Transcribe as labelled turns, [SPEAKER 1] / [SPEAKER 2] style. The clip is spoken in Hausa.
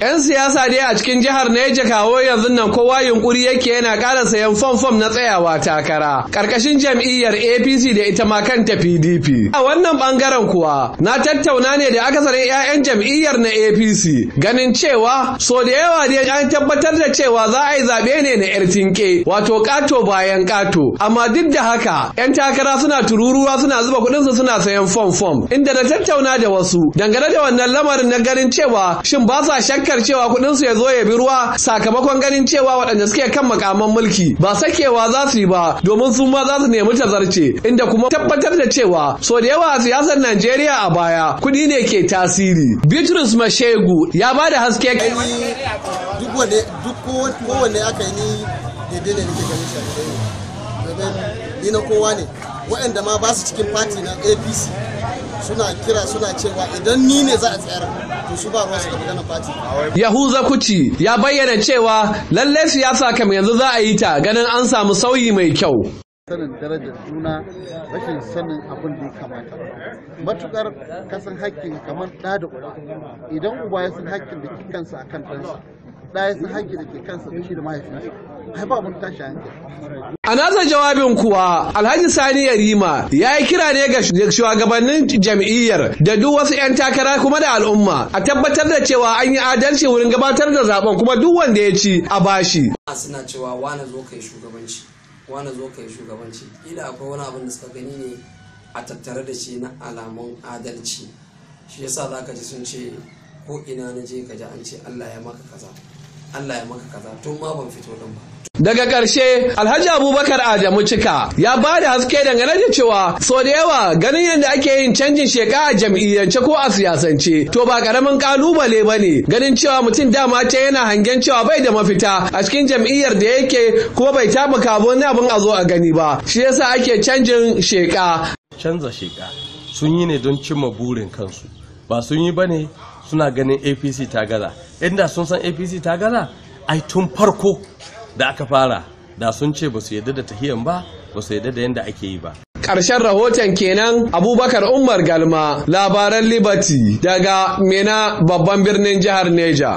[SPEAKER 1] 'Yan siyasa dai a cikin jihar Neja kawo yanzu nan kowa yunkuri yake yana ƙara sayan fom-fom na tsayawa takara. Karkashin jam'iyyar APC da ita ma kanta PDP. A wannan bangaren kuwa na tattauna ne da akasarin 'ya'yan jam'iyyar na APC ganin cewa so da yawa dai an tabbatar da cewa za a yi zaɓe ne na 'yar tinke wato ƙato bayan ƙato. Amma duk da haka 'yan takara suna tururuwa suna zuba kuɗin kuɗinsu suna sayan fom-fom. Inda na tattauna da wasu dangane da wannan lamarin na ganin cewa shin ba sa shakka shakar cewa kuɗin su ya zo ya bi ruwa sakamakon ganin cewa waɗanda suke kan makaman mulki ba sakewa za su yi ba domin su ma za su nemi tazarce inda kuma tabbatar da cewa so da yawa siyasar Najeriya a baya kuɗi ne ke tasiri. Bitrus Mashegu ya ba da haske. Duk kowanne aka yi ni daidai da nake ganin shi ni na kowa ne waɗanda ma ba su cikin fati na APC suna kira suna cewa idan ni ne za a tsayar to su ba ruwansu da magana fati. Yahuza Kuti ya bayyana cewa lallai siyasa kam yanzu za a yi ta ganin an samu sauyi mai kyau. sanin darajar juna rashin sanin abin da ya kamata matukar kasan hakkin kamar ɗa da uba idan uba ya san hakkin da kikansa akan ɗansa da a nasa jawabin kuwa alhaji sani yarima ya yi kira ne ga shugabannin jam'iyyar da duk wasu 'yan takara kuma da al'umma a tabbatar da cewa an yi adalci wurin gabatar da zaben kuma duk wanda ya ci a bashi suna cewa wane zo kai shugabanci wane zo kai shugabanci ila akwai wani abin da suka gani ne a tattare da shi na alamun adalci shi yasa ka ji sun ce ko ina na je ka ji an ce Allah ya maka kaza Allah ya maka kaza tun ma ban fito nan ba Daga ƙarshe Alhaji Abubakar Adamu Cika ya ba da haske dangane da cewa so da yawa ganin yadda ake yin canjin sheka a jam'iyyance ko a siyasance to ba karamin kalubale ba ne ganin cewa mutum dama ce yana hangen cewa bai da mafita a cikin jam'iyyar da yake kuma bai taɓa kabo na abin a zo a gani ba shi yasa ake canjin sheka. Canza sheka sun yi ne don cimma burin kansu ba sun yi ba ne suna ganin apc ta gaza inda sun san apc ta gaza ai tun farko da aka fara da sun ce ba su yarda da tahiyan ba ba su yarda da yadda ake yi ba ƙarshen rahoton kenan abubakar umar galma labaran liberty daga mena babban birnin jihar neja